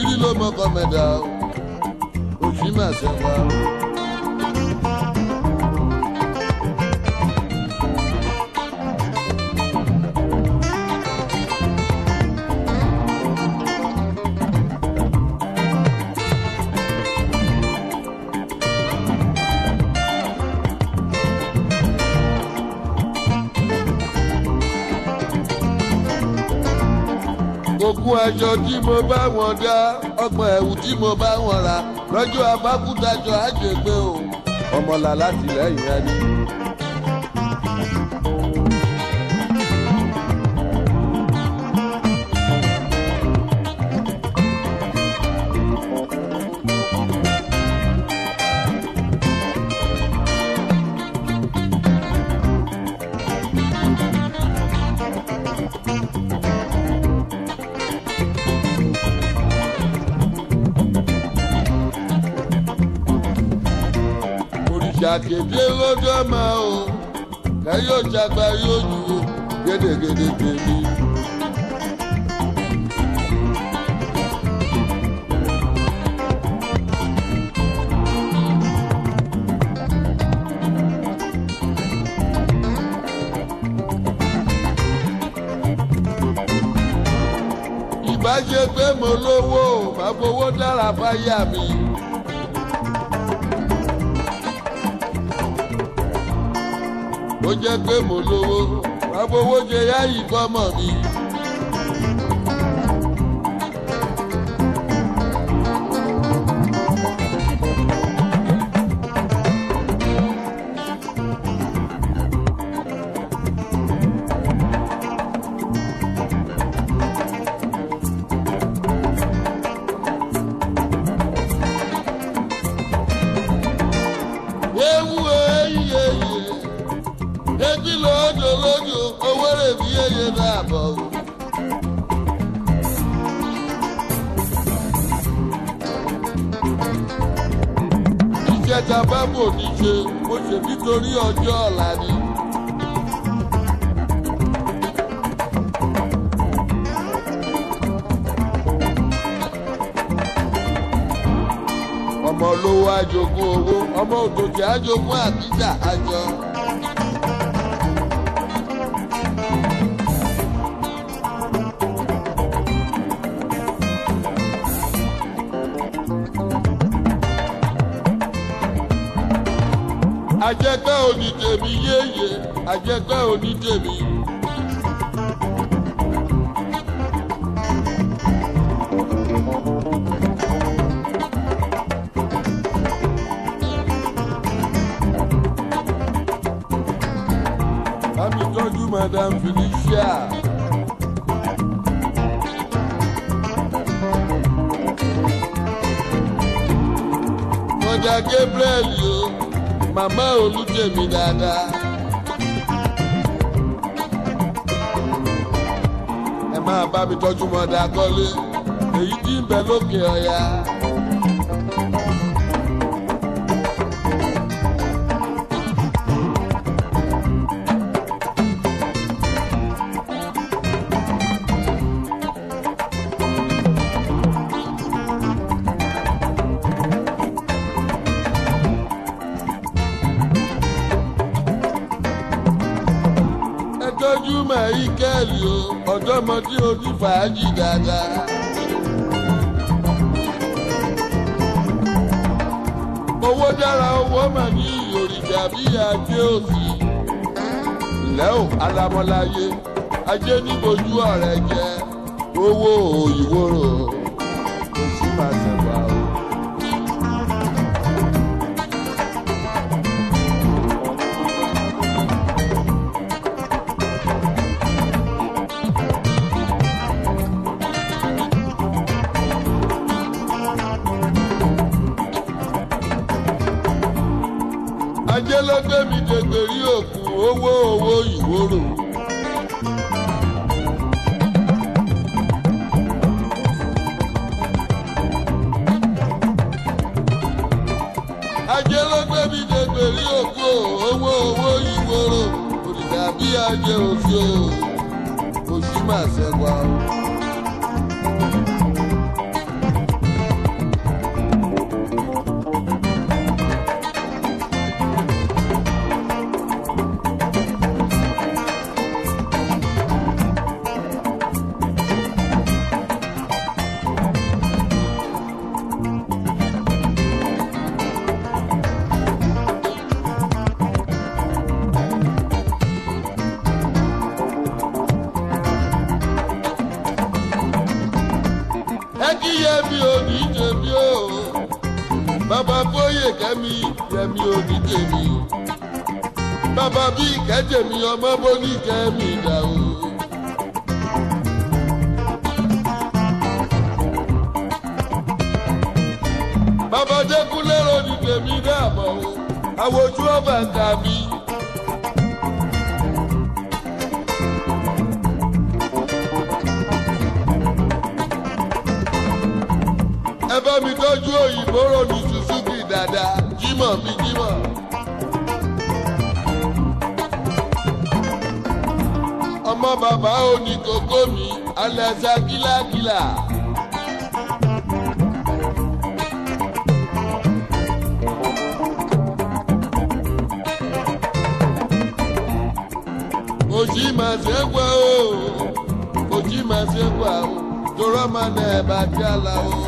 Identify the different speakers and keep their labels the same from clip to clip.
Speaker 1: àbílí ló mọ kọ́mẹ́dà o. aṣọ tí mo bá wọn dá ọgbọ̀n ẹ̀wù tí mo bá wọn rà lọ́jọ́ abákútajọ àjẹgbẹ́ o ọmọlà láti lẹ́yìn ẹni. àkété lọ́jọ́ máa o kẹ́yìn òjàgbá yóò ju gédégédé tèmi. ìbá ṣe pé mo lówó bá fowó dára fáyà mi. ó jẹ́ pé mo lówó rábowó jẹ yá yìí fọ́mọ mi. torí ọjọ́ ọ̀la ni. ọmọ olówó ajogun owó ọmọ òtòkè ajogún àbíjà àjọ. àjẹgbẹ́ onítèmi yéye àjẹgbẹ́ onítèmi. Bámi tọ́jú Madam Felicia. Kọjá Gabriel yóò màmá olùjẹ̀mí dáadáa. ẹ máa bá mi tọ́jú mọ́ dáa kọ́lé èyí tí ń bẹ lókè ọ̀yà. ọjọ́ mọ tí ojú fàájì dáadáa. owó dára owó mà ní òrìṣà bí ajé òsì. lẹ́ò alamọ́láyé ajé níbojú ọ̀rẹ́ jẹ́ owó òyìnbó rò. bí ajé òfin o òṣì máa ṣẹ̀wá o. kíyè mi ò ní tèmi o bàbá bóyè kẹ́mi yẹmi ò ní tèmi o bàbá bí ìkẹ́jẹ̀mí ọmọ bó ní kẹ́mi dà o. bàbá jẹ́kú lérò ní tèmi náà mọ̀ o àwòjú ọ̀bà mi. ẹ bá mi tọ́jú òyìnbó ròdù Suzuki dáadáa jímọ̀ mi jímọ̀. ọmọ bàbá òní kókó mi alẹ́sà kílákílá. òjì máa ṣe ń pa o òjì máa ṣe ń pa o torọ́ máa nà ẹ̀ bá tí a o.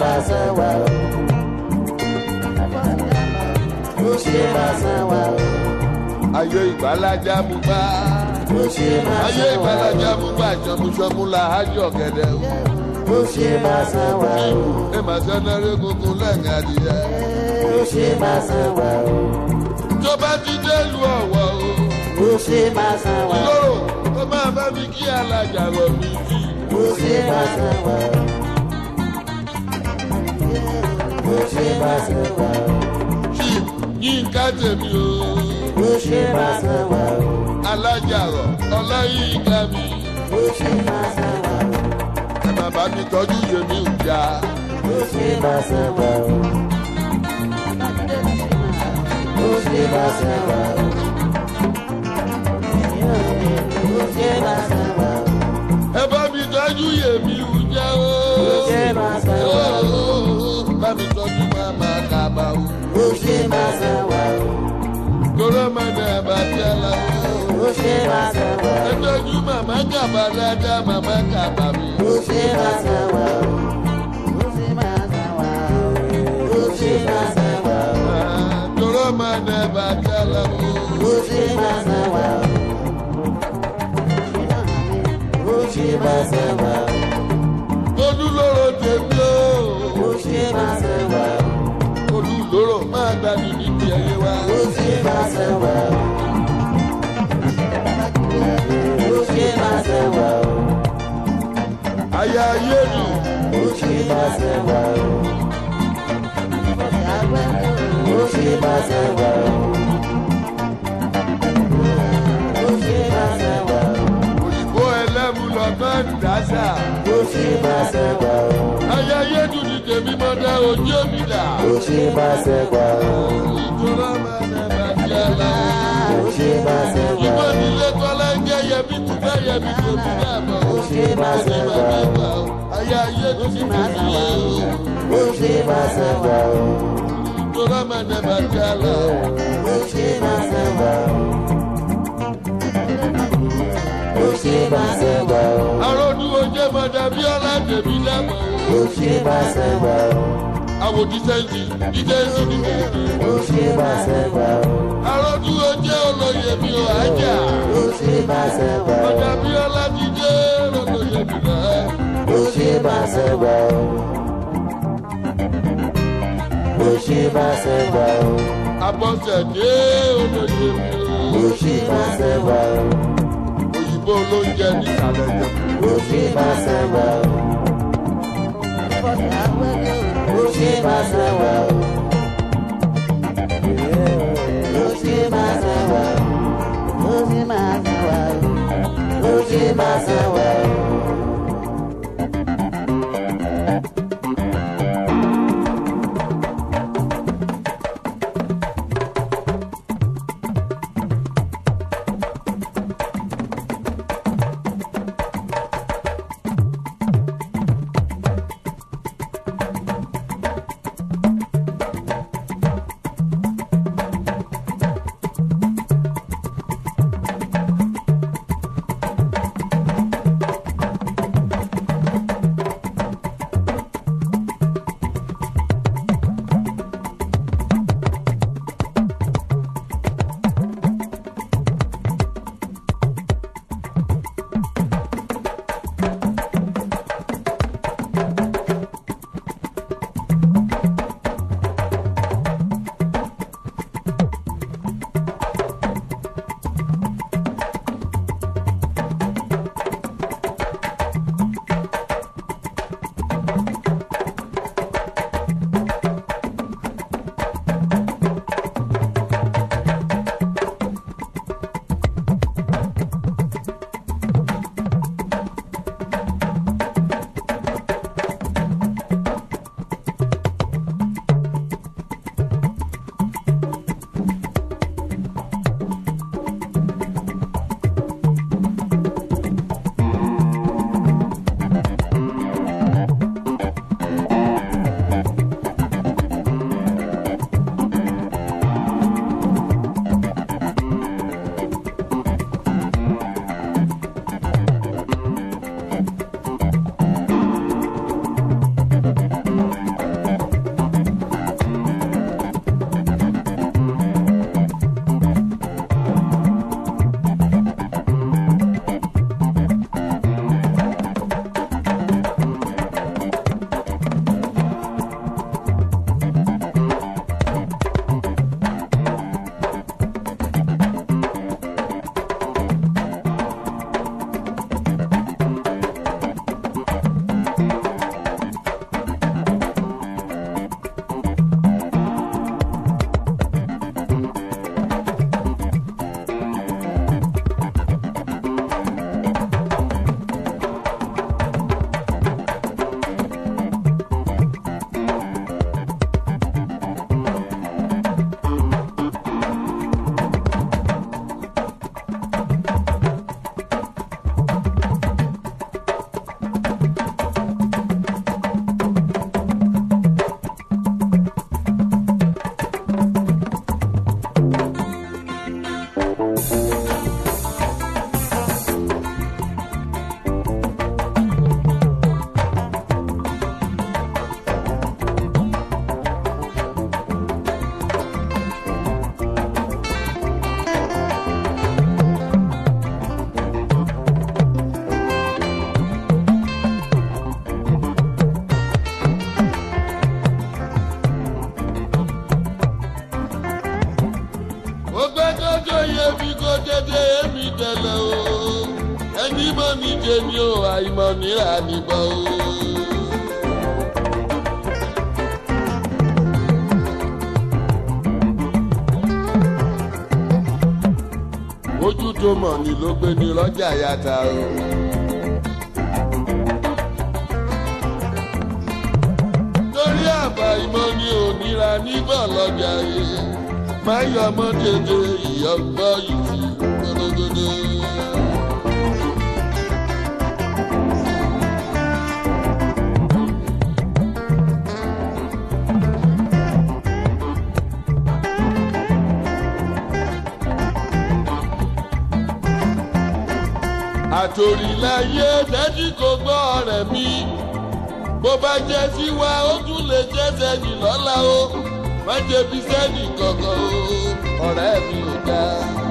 Speaker 1: mazawa o ó ṣe mazawa o. ayé ìgbàlájà mú bá ó ṣe mazawa o. ayé ìgbàlájà mú bá ṣọmúṣọmú la ájú ọ̀gẹ̀dẹ̀ o. ó ṣe mazawa o. ẹ máa ṣẹ́nà régungun lẹ́yìn adìyẹ. ó ṣe mazawa o. tó bá ti dé lu ọ̀wọ́ o. ó ṣe mazawa o. lóró tó máa bá mi kí alájà lọ mi sí. ó ṣe mazawa o ló ṣe bá ṣe wà o. chief yínká tèmi o. ló ṣe bá ṣe wà o. alájàrọ̀ ọláyínká mi. ló ṣe bá ṣe wà o. ẹ mi tọ́jú yèmí ìjà. ló ṣe bá ṣe wà o. ló ṣe bá ṣe wà o. ló ṣe bá ṣe wà o. Oshe mazawa Koro mana batala Oshe mazawa Etoju mama jabalada mama kabami Oshe mazawa Oshe mazawa Oshe mazawa Koro mana batala Oshe mazawa Oshe mazawa ayé ayé nù. ó ṣe máa ṣe wá o. ó ṣe máa ṣe wá o. ó ṣe máa ṣe wá o. òyìnbó ẹlẹ́mu lọ́gbọ́n tèmi mọ́tẹ́ ojú omi dà. ó ṣe máa ìjọba. bẹ́yẹ mi kò fi bẹ́ẹ̀ mọ̀ ó ṣe máa ṣe bẹ́ẹ̀ mọ̀ ayé ayé mi ti fi fi yé ó ṣe máa ṣe wà o. Tora ma ne ma ja la o. Ó ṣe máa ṣe wà o. Ó ṣe máa ṣe wà o. Aródúró jẹ́ mọ̀dàbí ọ̀la tèmi lẹ́mọ̀ Ó ṣe máa ṣe wà o àwò dísẹ́ǹtì dísẹ́ǹtì dísẹ́ǹtì. ó ṣe bá ṣẹgbà o. arójú ojé olóyè mi ò ájà. ó ṣe bá ṣẹgbà o. ọjà bí ọlá ti dé mi náà. ó ṣe bá ṣẹgbà o. ó ṣe bá ṣẹgbà o. àbọ̀sẹ̀ dé olóyè mi náà. ó ṣe bá ṣẹgbà o. òyìnbó ló ń jẹ nísàlẹ̀ jẹ. ó ṣe bá ṣẹgbà o. the é jẹ́jẹ́ èmi tẹ̀lé o ẹni mọ̀ ní jẹ́mi o àìmọ̀ nira nìbọn o. ojú tó mọ̀ ni ló gbé ní lọ́jà yàtà o. torí àbá ìmọ̀ ni ò nira níbọ̀ lọ́jà yìí máyọ̀ mọ́ dédé ìyọ̀gbọ́ yìí gidi. àtòrìláyé dẹ́jú kò gbọ́ ọ̀rẹ́ mi bó bá jẹ́ tiwa ó tún lè jẹ́ sẹ́yìn lọ́la o má jẹ́ bí sẹ́yìn kankan o ọ̀rẹ́ mi ò dáa.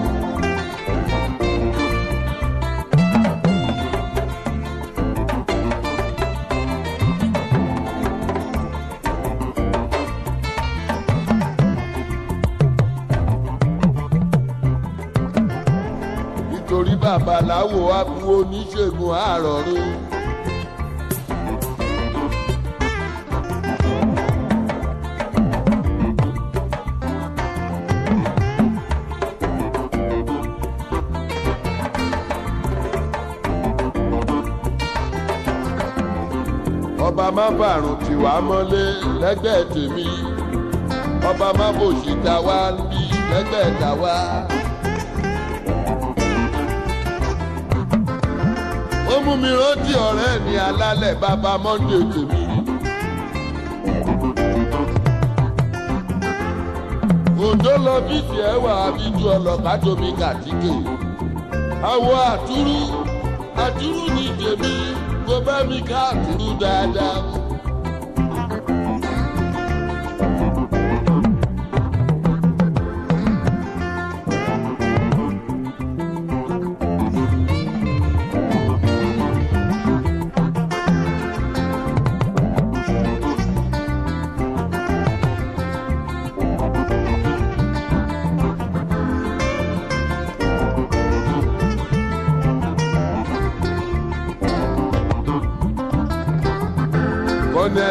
Speaker 1: babaláwo abu oníṣègùn àròrò. ọba má bàrùn tiwa mọ́lé lẹ́gbẹ̀ẹ́ tèmi ọba má bòṣìta wá lẹ́gbẹ̀ẹ́ tàwa. ó mú mi rántí ọ̀rẹ́ ní alálẹ̀ bàbá Monday tèmi. òjò lọ bíìsì ẹwà àbíjú ọlọ́pàá tómi kàtíkè àwọ̀ àtúrú àtúrú ní tèmi kò bá mi ká àtúrú dáadáa.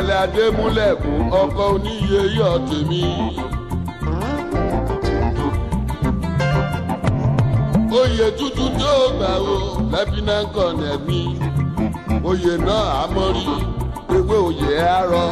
Speaker 1: ìsàlẹ̀ adémúlẹ̀kùn ọkọ̀ oníye yọ̀ tèmi. oyè tútù tó gbà o lẹ́bínákọ̀ nẹ̀mí oyè náà amọ́rí ewé oyè arọ.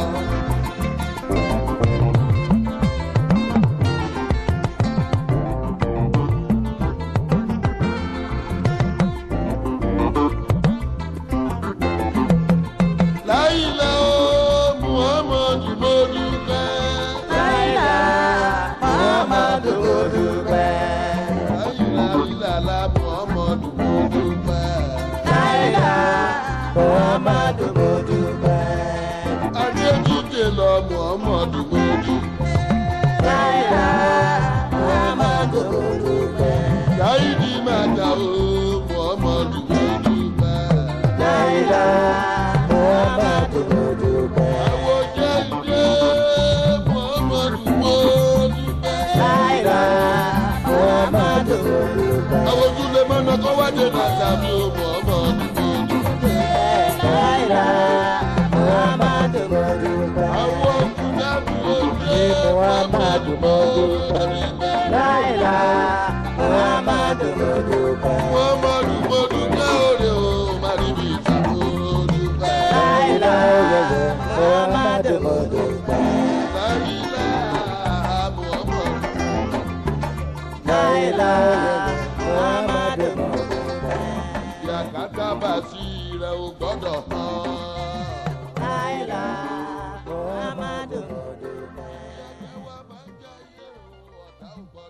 Speaker 1: Muhammadu Muhammadu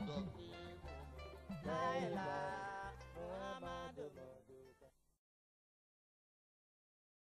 Speaker 1: gbọ́dọ̀ fi mú mọ. láìla